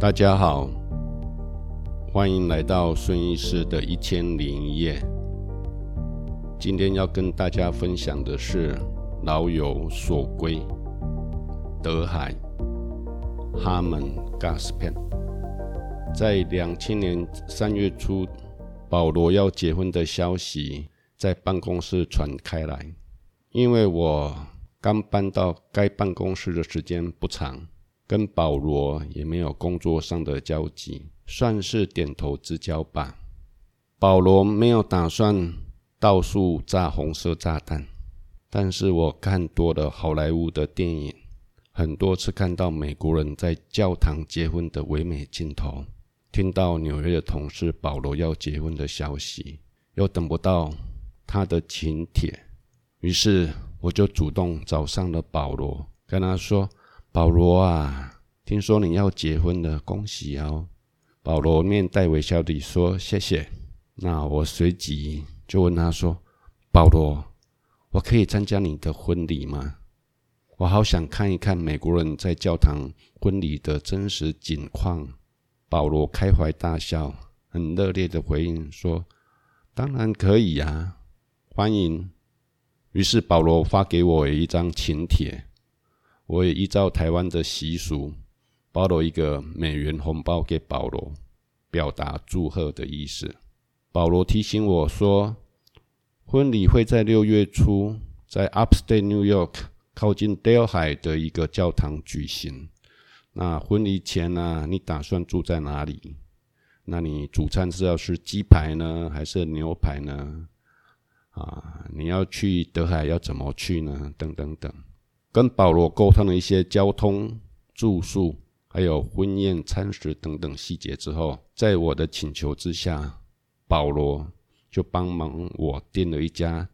大家好，歡迎來到孫醫師的一千零一夜。今天要跟大家分享的是《老有所歸》。德亥哈門尬斯篇，在兩千年三月初，保羅要結婚的消息在辦公室傳開來，因為我剛搬到該辦公室的時間不長。跟保羅也沒有工作上的交集，算是點頭之交吧。保羅沒有打算到處炸紅色炸彈，但是我看多了好萊塢的電影，很多次看到美國人在教堂結婚的唯美鏡頭。聽到紐約的同事保羅要結婚的消息，又等不到他的請帖，於是我就主動找上了保羅，跟他說。保羅啊，聽說你要結婚了，恭喜哦！保羅面帶微笑地說：“謝謝。”那我隨即就問他說：“保羅，我可以參加你的婚禮嗎？我好想看一看美國人在教堂婚禮的真實景況。”保羅開懷大笑，很熱烈的回應說：“當然可以啊，歡迎！”於是保羅發給我一張請帖。我也依照台灣的習俗，包了一個美元紅包給保羅，表達祝賀的意思。保羅提醒我說，婚禮會在六月初在 Upstate New York 靠近德亥的一個教堂舉行。那婚禮前呢、啊，你打算住在哪裡？那你主餐是要吃雞排呢，還是牛排呢？啊，你要去德亥要怎麼去呢？等等等。跟保羅溝通了一些交通、住宿、還有婚宴餐食等等細節之後，在我的請求之下，保羅就幫忙我訂了一家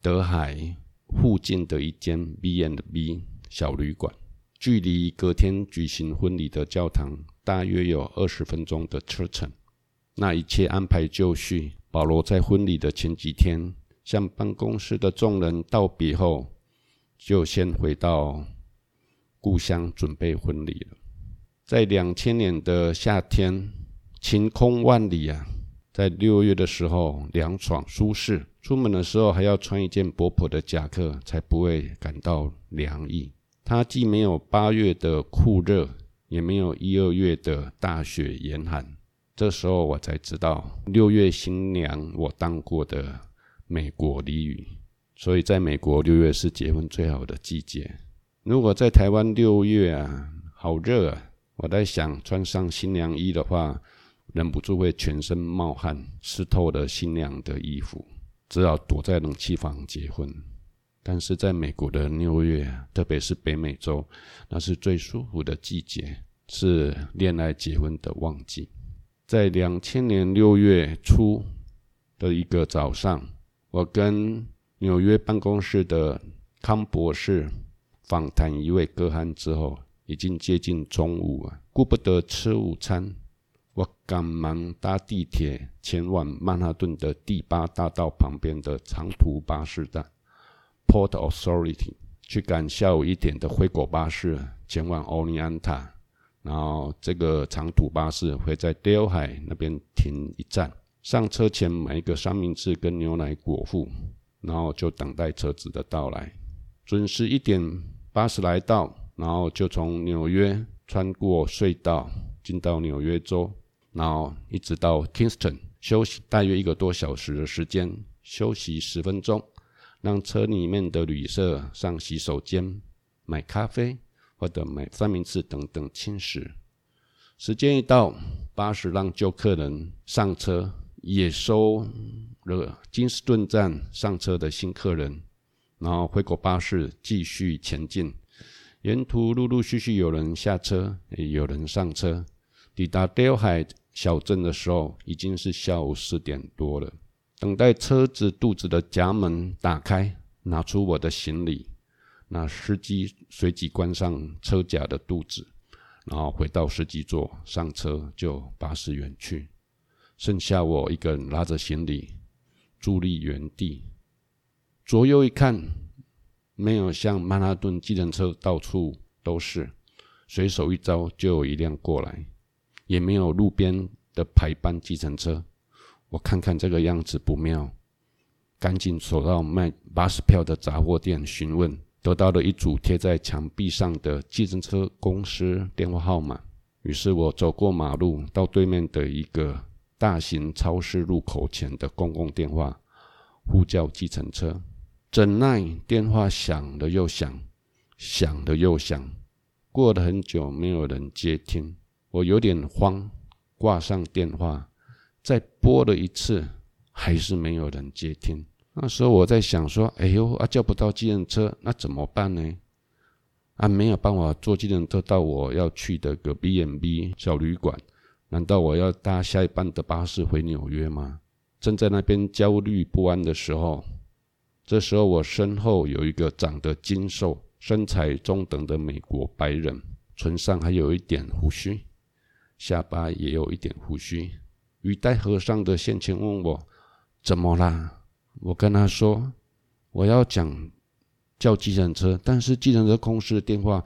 德亥附近的一間 B and B 小旅館，距離隔天舉行婚禮的教堂大約有二十分鐘的車程。那一切安排就緒，保羅在婚禮的前幾天向辦公室的眾人道別後。就先回到故鄉準備婚禮了。在兩千年的夏天，晴空萬里啊，在六月的時候涼爽舒適，出門的時候還要穿一件薄薄的夾克才不會感到涼意。它既沒有八月的酷熱，也沒有一二月的大雪嚴寒。這時候我才知道，六月新娘我當過的美國俚語。所以，在美國六月是結婚最好的季節。如果在台灣六月啊，好熱啊！我在想，穿上新娘衣的話，忍不住會全身冒汗，濕透了新娘的衣服，只好躲在冷氣房結婚。但是在美國的六月，特別是北美洲，那是最舒服的季節，是戀愛結婚的旺季。在兩千年六月初的一個早上，我跟紐約辦公室的康博士訪談一位哥漢之後，已經接近中午啊，顧不得吃午餐，我趕忙搭地鐵前往曼哈頓的第八大道旁邊的長途巴士站 （Port Authority） 去趕下午一點的回國巴士，前往奧利安塔。然後這個長途巴士會在 Deal 海那邊停一站，上車前買一個三明治跟牛奶果腹。然後就等待車子的到來，準時一點巴士來到，然後就從紐約穿過隧道進到紐約州，然後一直到 Kingston 休息大約一個多小時的時間，休息十分鐘，讓車裡面的旅社上洗手間、買咖啡或者買三明治等等輕食。時間一到，巴士讓舊客人上車，也收。金士頓站上車的新客人，然後回過巴士繼續前進。沿途陸陸續續有人下車，有人上車。抵達雕海小鎮的時候，已經是下午四點多了。等待車子肚子的夾門打開，拿出我的行李。那司機隨即關上車甲的肚子，然後回到司機座上車，就巴士遠去。剩下我一個人拉着行李。佇立原地，左右一看，沒有像曼哈頓計程車到處都是，隨手一招就有一輛過來，也沒有路邊的排班計程車。我看看這個樣子不妙，趕緊走到賣巴士票的雜貨店詢問，得到了一組貼在牆壁上的計程車公司電話號碼。於是我走過馬路，到對面的一個，大型超市入口前的公共電話呼叫計程車，怎奈電話響了又響，響了又響，過了很久沒有人接聽，我有點慌，掛上電話，再撥了一次，還是沒有人接聽。那時候我在想說：“哎呦，啊，叫不到計程車，那怎麼辦呢？”啊，沒有辦法坐計程車到我要去的個 B&B and 小旅館。難道我要搭下一班的巴士回紐約嗎？正在那邊焦慮不安的時候，這時候我身後有一個長得精瘦、身材中等的美國白人，唇上還有一點鬍鬚，下巴也有一點鬍鬚，與袋和尚的神情問我怎麼啦？我跟他說我要講叫計程車，但是計程車公司的電話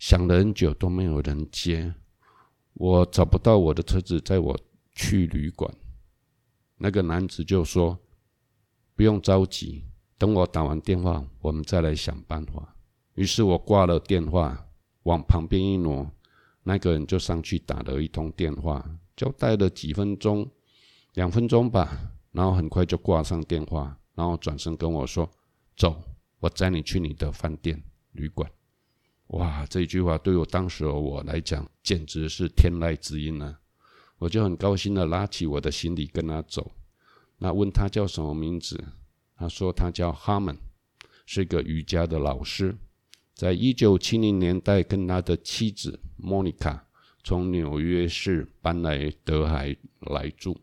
響了很久都沒有人接。我找不到我的車子，載我去旅館，那個男子就說：“不用着急，等我打完電話，我們再來想辦法。”於是我掛了電話，往旁邊一挪，那個人就上去打了一通電話，交代了幾分鐘，兩分鐘吧，然後很快就掛上電話，然後轉身跟我說：“走，我載你去你的飯店旅館。”哇，這句話對我當時的我來講簡直是天籟之音呢、啊！我就很高興的拉起我的行李跟他走。那問他叫什麼名字？他說他叫哈門，是一個瑜伽的老師，在一九七零年代跟他的妻子莫妮卡從紐約市搬來德亥來住。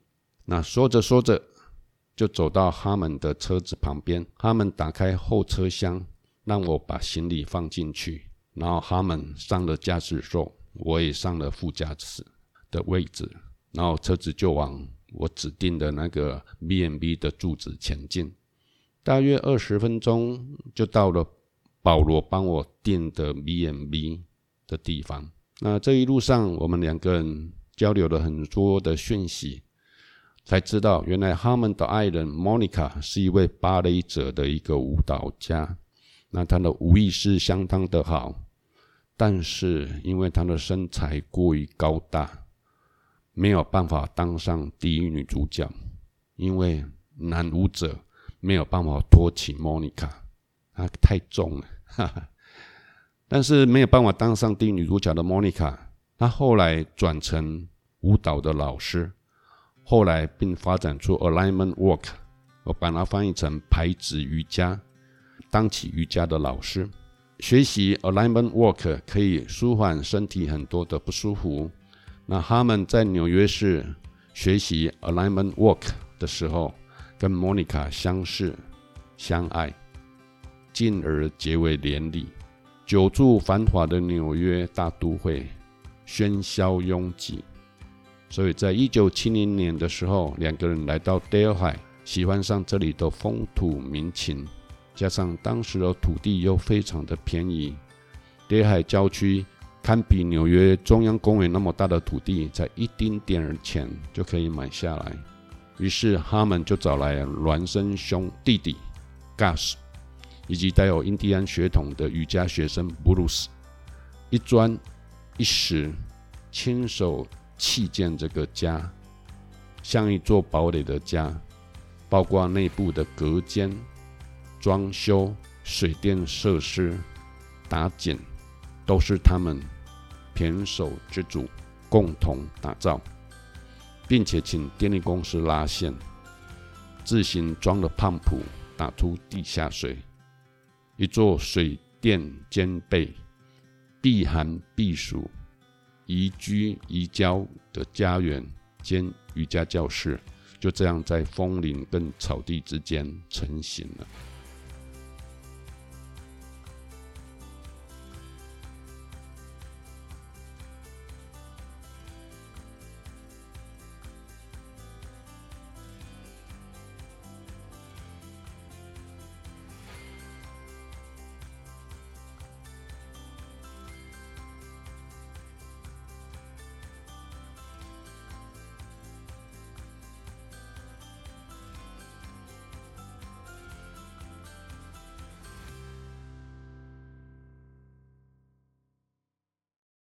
那說着說着，就走到哈門的車子旁邊，哈門打開後車廂，讓我把行李放進去。然後他們上了駕駛座，我也上了副駕駛的位置，然後車子就往我指定的那個 B&B 的住址前進，大約二十分鐘就到了保羅幫我訂的 B&B 的地方。那這一路上，我們兩個人交流了很多的訊息，才知道原來哈門的愛人 Monica 是一位芭蕾者的一個舞蹈家。那她的舞藝是相當的好，但是因為她的身材過於高大，沒有辦法當上第一女主角，因為男舞者沒有辦法托起 Monica，她太重了。哈哈。但是沒有辦法當上第一女主角的 Monica，她後來轉成舞蹈的老師，後來並發展出 Alignment Work，我把它翻譯成排子瑜伽。當起瑜伽的老師，學習 Alignment Work 可以舒緩身體很多的不舒服。那他們在紐約市學習 Alignment Work 的時候，跟莫妮卡相識、相愛，進而結為連理。久住繁華的紐約大都會，喧囂擁擠，所以在一九七零年的時候，兩個人來到德亥，喜歡上這裡的風土民情。加上當時的土地又非常的便宜，德亥郊區堪比紐約中央公園那麼大的土地，才一丁點兒錢就可以買下來。於是他們就找來孿生兄弟弟 Gas 以及帶有印第安血統的瑜伽學生 Bruce，一磚一石親手砌建這個家，像一座堡壘的家，包括內部的隔間。裝修、水電設施、打井，都是他們胼手胝足共同打造，並且請電力公司拉線，自行裝了泵浦，打出地下水。一座水電兼備、避寒避暑、宜居宜教的家園兼瑜伽教室，就這樣在楓林跟草地之間成型了。